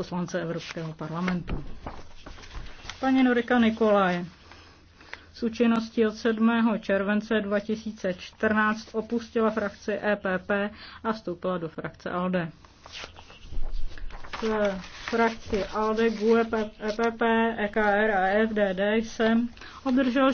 poslance Evropského parlamentu. Paní Norika Nikolaj s účinností od 7. července 2014 opustila frakci EPP a vstoupila do frakce ALDE. V frakci ALDE, GUE, EPP, EKR a FDD e e e jsem obdržel